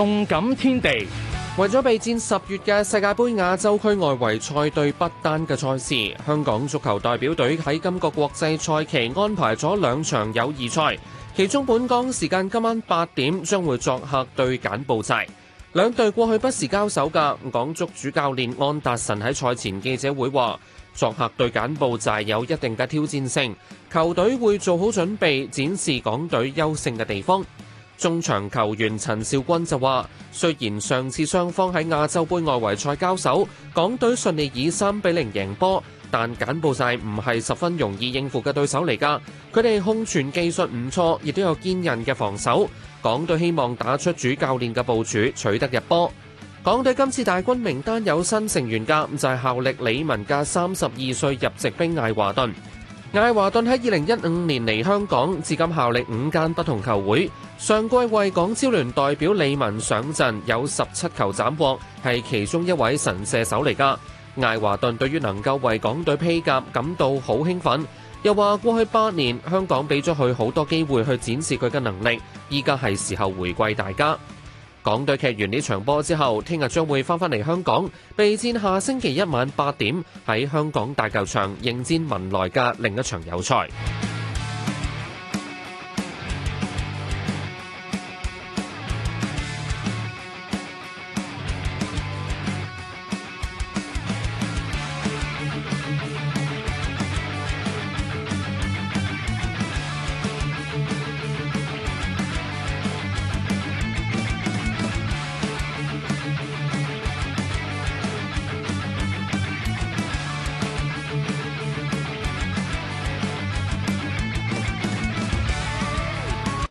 動感天地為咗備戰十月嘅世界杯亞洲區外圍賽對不丹嘅賽事，香港足球代表隊喺今個國際賽期安排咗兩場友誼賽，其中本港時間今晚八點將會作客對柬埔寨。兩隊過去不時交手噶，港足主教練安達臣喺賽前記者會話，作客對柬埔寨有一定嘅挑戰性，球隊會做好準備，展示港隊優勝嘅地方。中場球員陳肇鈞就話：雖然上次雙方喺亞洲杯外圍賽交手，港隊順利以三比零贏波，但柬埔寨唔係十分容易應付嘅對手嚟噶。佢哋控傳技術唔錯，亦都有堅韌嘅防守。港隊希望打出主教練嘅部署，取得入波。港隊今次大軍名單有新成員噶，就係效力李文嘅三十二歲入籍兵艾華頓。艾華頓喺二零一五年嚟香港，至今效力五間不同球會，上季為港超聯代表李文上陣，有十七球斬獲，係其中一位神射手嚟㗎。艾華頓對於能夠為港隊披甲感到好興奮，又話過去八年香港俾咗佢好多機會去展示佢嘅能力，依家係時候回饋大家。港隊踢完呢場波之後，聽日將會翻返嚟香港備戰下星期一晚八點喺香港大球場迎戰文萊嘅另一場友賽。